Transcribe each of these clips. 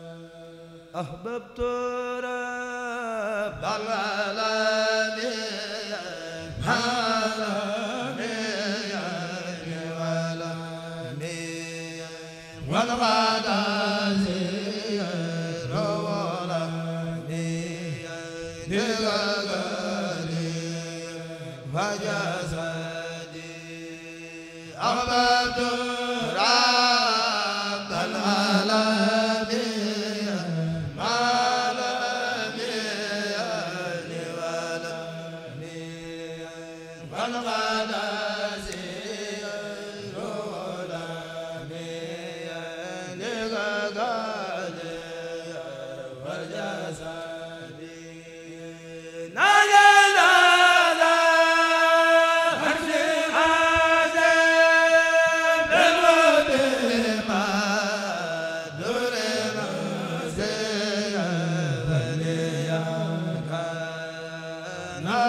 أحببت رب العالمين عالمي والعالمين والغدازي وجسدي أحببت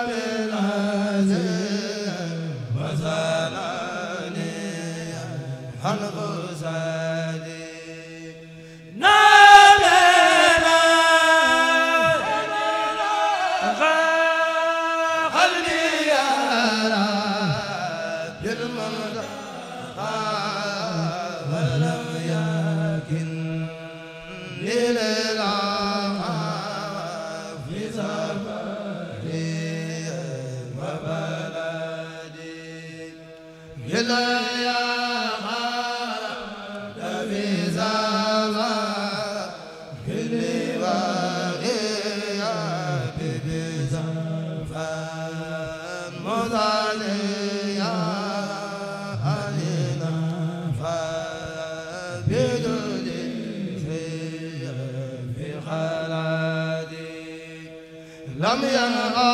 بالعزيز lam ya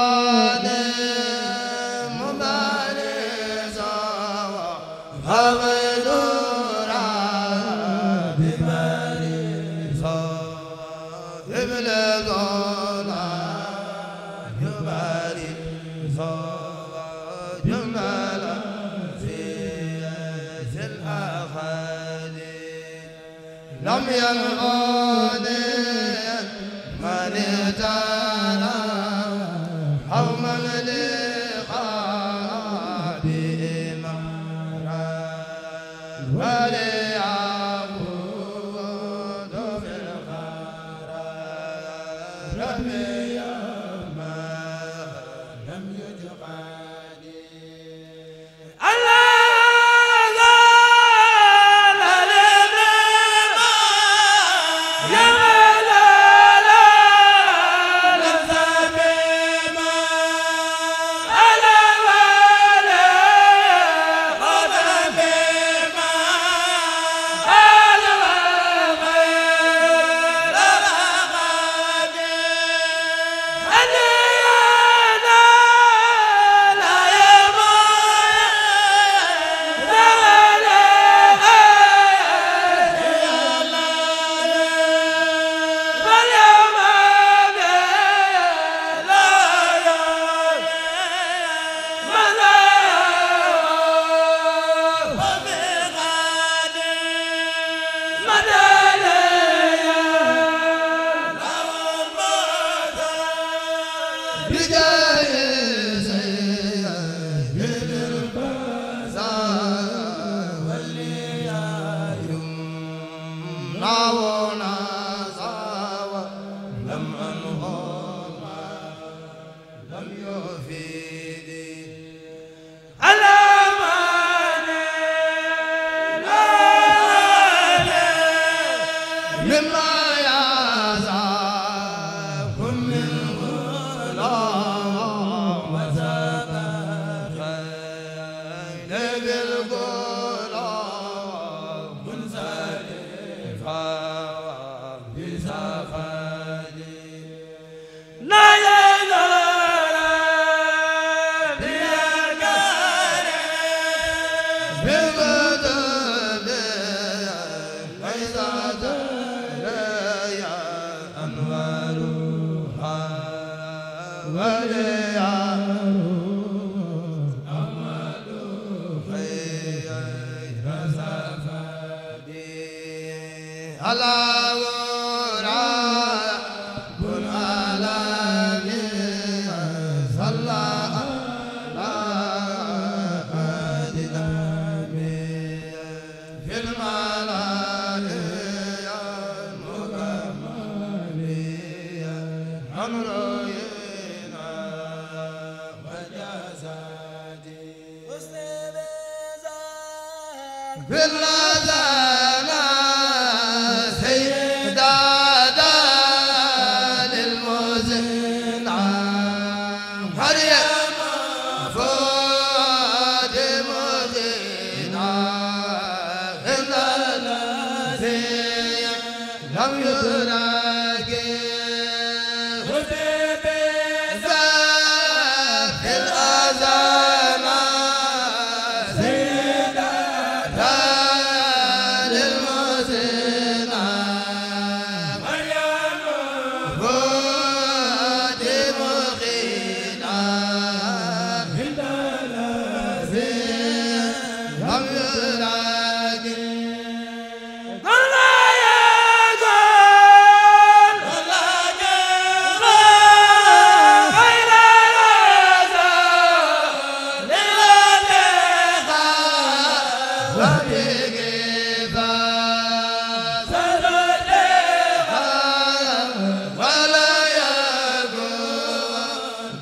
الأرض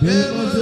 bi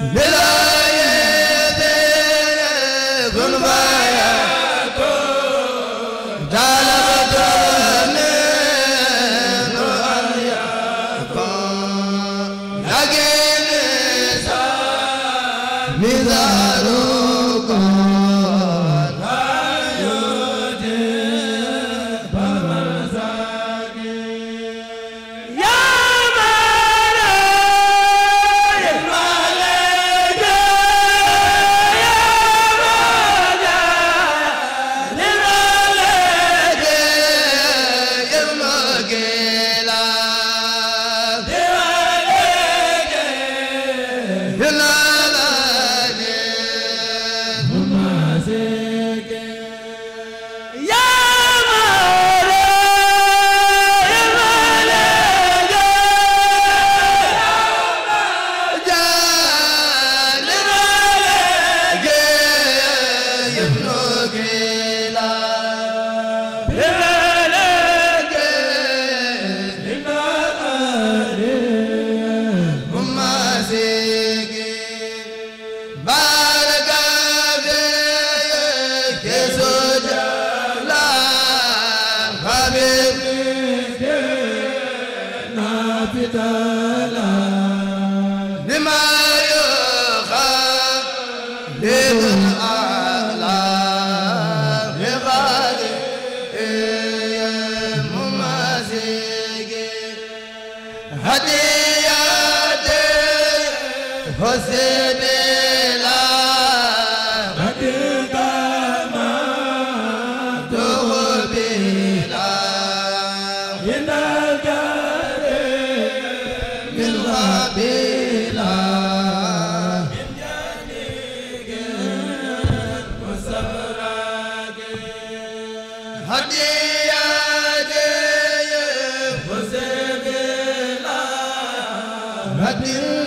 la la Rabbana